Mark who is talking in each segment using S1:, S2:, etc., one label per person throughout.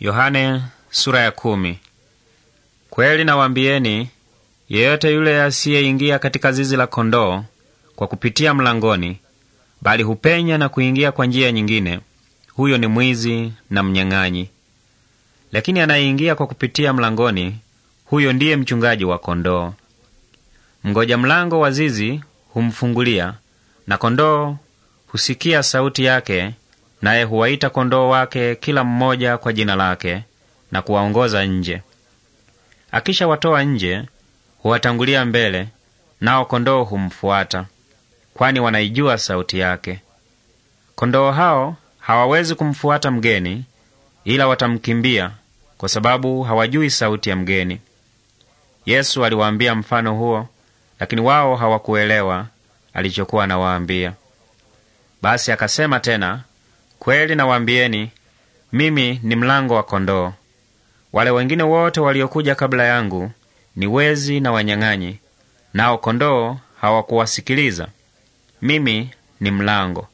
S1: Yohane, sura ya kumi. Kweli nawaambieni, yeyote yule asiyeingia katika zizi la kondoo kwa kupitia mlangoni, bali hupenya na kuingia kwa njia nyingine, huyo ni mwizi na mnyang'anyi. Lakini anayeingia kwa kupitia mlangoni, huyo ndiye mchungaji wa kondoo. Mgoja mlango wa zizi humfungulia, na kondoo husikia sauti yake, naye huwaita kondoo wake kila mmoja kwa jina lake na kuwaongoza nje. akisha watoa nje, huwatangulia mbele, nao kondoo humfuata, kwani wanaijua sauti yake. Kondoo hao hawawezi kumfuata mgeni, ila watamkimbia, kwa sababu hawajui sauti ya mgeni. Yesu aliwaambia mfano huo, lakini wao hawakuelewa alichokuwa anawaambia. Basi akasema tena, Kweli nawaambieni, mimi ni mlango wa kondoo. Wale wengine wote waliokuja kabla yangu ni wezi na wanyang'anyi, nao kondoo hawakuwasikiliza. Mimi ni mlango.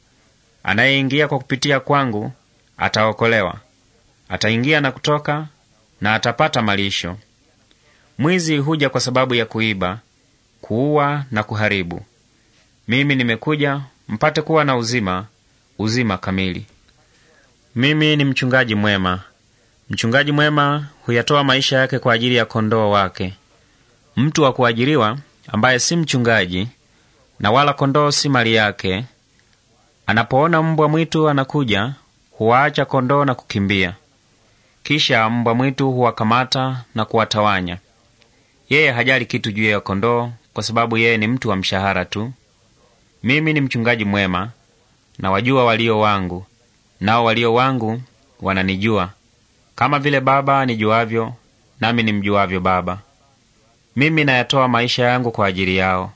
S1: Anayeingia kwa kupitia kwangu ataokolewa, ataingia na kutoka na atapata malisho. Mwizi huja kwa sababu ya kuiba, kuua na kuharibu. Mimi nimekuja mpate kuwa na uzima, uzima kamili. Mimi ni mchungaji mwema. Mchungaji mwema huyatoa maisha yake kwa ajili ya kondoo wake. Mtu wa kuajiriwa ambaye si mchungaji na wala kondoo si mali yake, anapoona mbwa mwitu anakuja, huwaacha kondoo na kukimbia. Kisha mbwa mwitu huwakamata na kuwatawanya. Yeye hajali kitu juu ya kondoo, kwa sababu yeye ni mtu wa mshahara tu. Mimi ni mchungaji mwema, na wajua walio wangu, nao walio wangu wananijua, kama vile Baba nijuavyo, nami nimjuavyo Baba. Mimi nayatoa maisha yangu kwa ajili yao.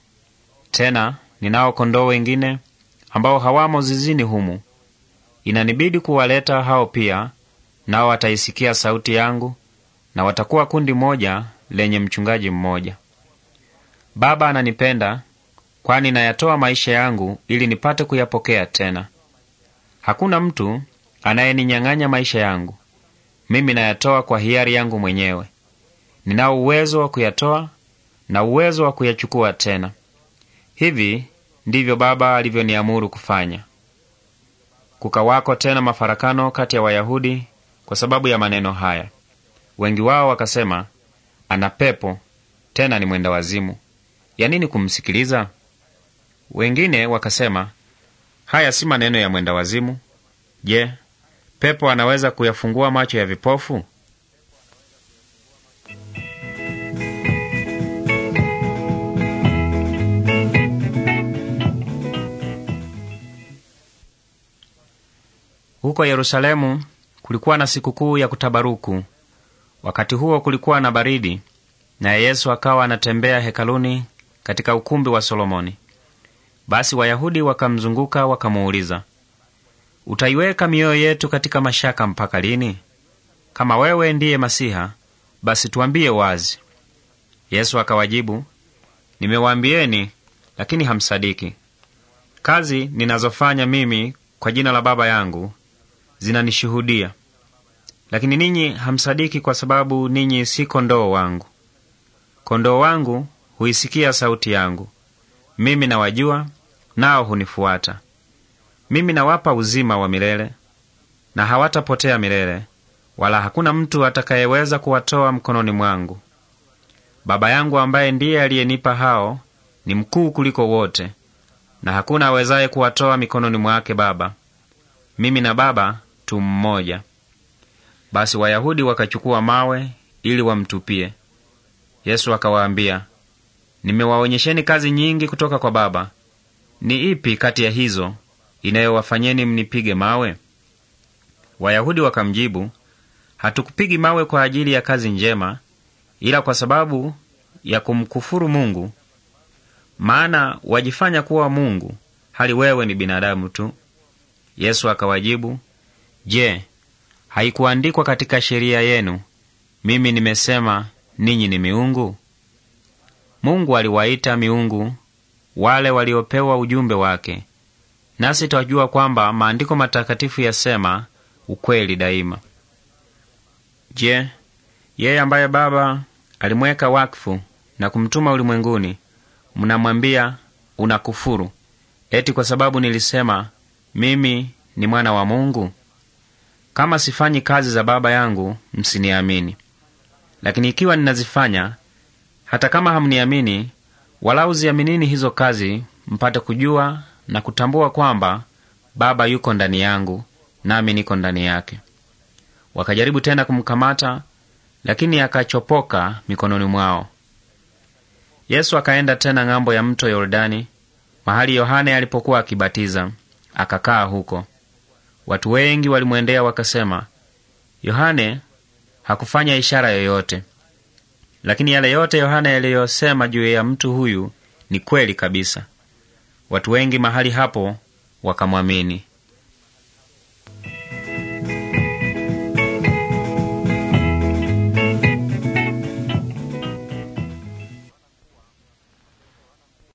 S1: Tena ninao kondoo wengine ambao hawamo zizini humu, inanibidi kuwaleta hao pia, nao wataisikia sauti yangu, na watakuwa kundi moja lenye mchungaji mmoja. Baba ananipenda, kwani nayatoa maisha yangu ili nipate kuyapokea tena. Hakuna mtu anayeninyang'anya maisha yangu. Mimi nayatoa kwa hiari yangu mwenyewe. Ninao uwezo wa kuyatoa na uwezo wa kuyachukua tena. Hivi ndivyo Baba alivyoniamuru kufanya. Kukawako tena mafarakano kati ya Wayahudi kwa sababu ya maneno haya. Wengi wao wakasema, ana pepo tena ni mwenda wazimu, ya nini kumsikiliza? Wengine wakasema Haya si maneno ya mwenda wazimu. Je, pepo anaweza kuyafungua macho ya vipofu? Huko Yerusalemu kulikuwa na sikukuu ya kutabaruku. Wakati huo kulikuwa na baridi, naye Yesu akawa anatembea hekaluni katika ukumbi wa Solomoni. Basi Wayahudi wakamzunguka wakamuuliza, utaiweka mioyo yetu katika mashaka mpaka lini? Kama wewe ndiye Masiha, basi tuambie wazi. Yesu akawajibu, nimewaambieni, lakini hamsadiki. Kazi ninazofanya mimi kwa jina la Baba yangu zinanishuhudia, lakini ninyi hamsadiki kwa sababu ninyi si kondoo wangu. Kondoo wangu huisikia sauti yangu, mimi nawajua nao hunifuata. Mimi nawapa uzima wa milele, na hawatapotea milele, wala hakuna mtu atakayeweza kuwatoa mkononi mwangu. Baba yangu ambaye ndiye aliyenipa hao ni mkuu kuliko wote, na hakuna awezaye kuwatoa mikononi mwake Baba. Mimi na Baba tu mmoja. Basi Wayahudi wakachukua mawe ili wamtupie. Yesu akawaambia, nimewaonyesheni kazi nyingi kutoka kwa Baba. Ni ipi kati ya hizo inayowafanyeni mnipige mawe? Wayahudi wakamjibu, hatukupigi mawe kwa ajili ya kazi njema, ila kwa sababu ya kumkufuru Mungu, maana wajifanya kuwa Mungu hali wewe ni binadamu tu. Yesu akawajibu, Je, haikuandikwa katika sheria yenu, mimi nimesema ninyi ni miungu? Mungu aliwaita miungu wale waliopewa ujumbe wake, nasi twajua kwamba maandiko matakatifu yasema ukweli daima. Je, yeye ambaye Baba alimweka wakfu na kumtuma ulimwenguni, mnamwambia unakufuru, eti kwa sababu nilisema mimi ni mwana wa Mungu? Kama sifanyi kazi za Baba yangu, msiniamini. Lakini ikiwa ninazifanya, hata kama hamniamini, walau ziaminini hizo kazi, mpate kujua na kutambua kwamba Baba yuko ndani yangu, nami niko ndani yake. Wakajaribu tena kumkamata, lakini akachopoka mikononi mwao. Yesu akaenda tena ng'ambo ya mto Yordani, mahali Yohane alipokuwa akibatiza, akakaa huko. Watu wengi walimwendea wakasema, Yohane hakufanya ishara yoyote, lakini yale yote Yohana yaliyosema juu ya mtu huyu ni kweli kabisa. Watu wengi mahali hapo wakamwamini.